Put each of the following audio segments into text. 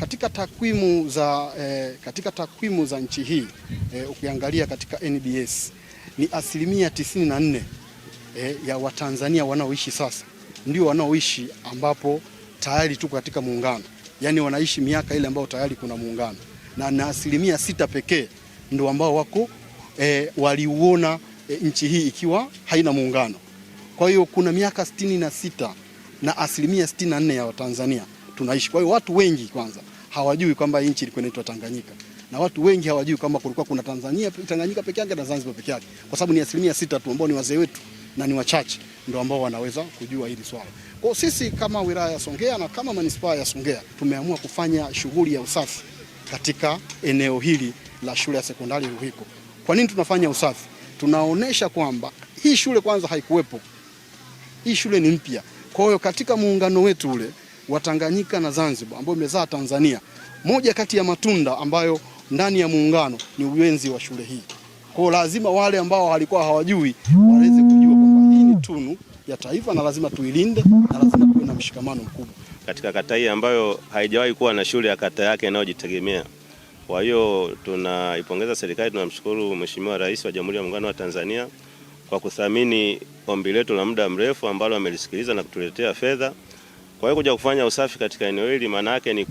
Katika takwimu za, eh, katika takwimu za nchi hii eh, ukiangalia katika NBS ni asilimia 94 eh, ya Watanzania wanaoishi sasa ndio wanaoishi ambapo tayari tuko katika muungano, yaani wanaishi miaka ile ambayo tayari kuna muungano na, na asilimia sita pekee ndio ambao wako eh, waliuona eh, nchi hii ikiwa haina muungano. Kwa hiyo kuna miaka sitini na sita na asilimia sitini na nne ya Watanzania tunaishi. Kwa hiyo watu wengi kwanza hawajui kwamba nchi ilikuwa inaitwa Tanganyika na watu wengi hawajui kwamba kulikuwa kuna Tanzania Tanganyika peke yake na Zanzibar peke yake, kwa sababu ni asilimia sita tu ambao ni wazee wetu na ni wachache ndio ambao wanaweza kujua hili swala. Kwa sisi kama wilaya ya Songea na kama manispaa ya Songea tumeamua kufanya shughuli ya usafi katika eneo hili la shule ya sekondari Ruhiko. Kwa nini tunafanya usafi? Tunaonesha kwamba hii shule kwanza haikuwepo, hii shule ni mpya. Kwa hiyo katika muungano wetu ule wa Tanganyika na Zanzibar ambao umezaa Tanzania. Moja kati ya matunda ambayo ndani ya muungano ni ujenzi wa shule hii. Kwa hiyo lazima wale ambao walikuwa hawajui waweze kujua kwamba hii ni tunu ya taifa na lazima tuilinde na lazima tuwe na mshikamano mkubwa katika kata hii ambayo haijawahi kuwa na shule ya kata yake inayojitegemea. Kwa hiyo tunaipongeza serikali, tunamshukuru Mheshimiwa Rais wa Jamhuri ya Muungano wa Tanzania kwa kuthamini ombi letu la muda mrefu ambalo amelisikiliza na kutuletea fedha. Kwa hiyo kuja kufanya usafi katika eneo hili maana yake ni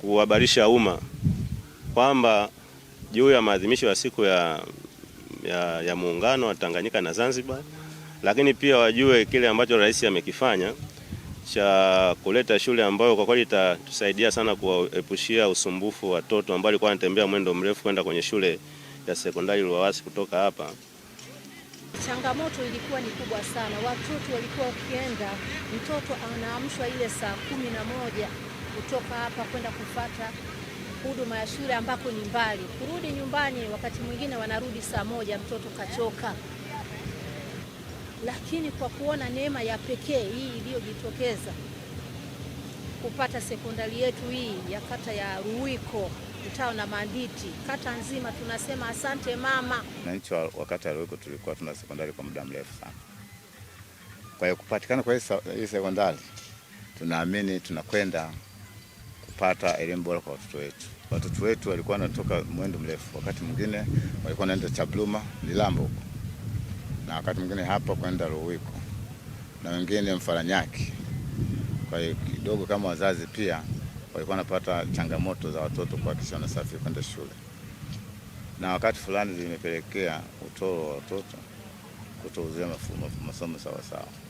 kuhabarisha umma kwamba juu ya maadhimisho ya siku ya, ya, ya muungano wa Tanganyika na Zanzibar, lakini pia wajue kile ambacho rais amekifanya cha kuleta shule ambayo kwa kweli itatusaidia sana kuwaepushia usumbufu watoto ambao walikuwa wanatembea mwendo mrefu kwenda kwenye shule ya sekondari Luwawasi kutoka hapa changamoto ilikuwa ni kubwa sana. Watoto walikuwa ukienda, mtoto anaamshwa ile saa kumi na moja kutoka hapa kwenda kufata huduma ya shule ambako ni mbali, kurudi nyumbani, wakati mwingine wanarudi saa moja, mtoto kachoka. Lakini kwa kuona neema ya pekee hii iliyojitokeza kupata sekondari yetu hii ya kata ya Ruwiko mtao na Manditi, kata nzima tunasema asante mama. Wananchi wa kata ya Ruwiko tulikuwa tuna sekondari kwa muda mrefu sana, kwa hiyo kupatikana kwa hii sekondari tunaamini tunakwenda kupata elimu bora kwa watoto wetu. Watoto wetu walikuwa wanatoka mwendo mrefu, wakati mwingine walikuwa wanaenda Chabluma Lilambo huko, na wakati mwingine hapa kwenda Ruwiko na wengine Mfaranyaki. Kwa hiyo kidogo kama wazazi pia walikuwa wanapata changamoto za watoto kuhakikisha wanasafiri kwenda shule, na wakati fulani zimepelekea utoro wa watoto kutouzia masomo sawasawa.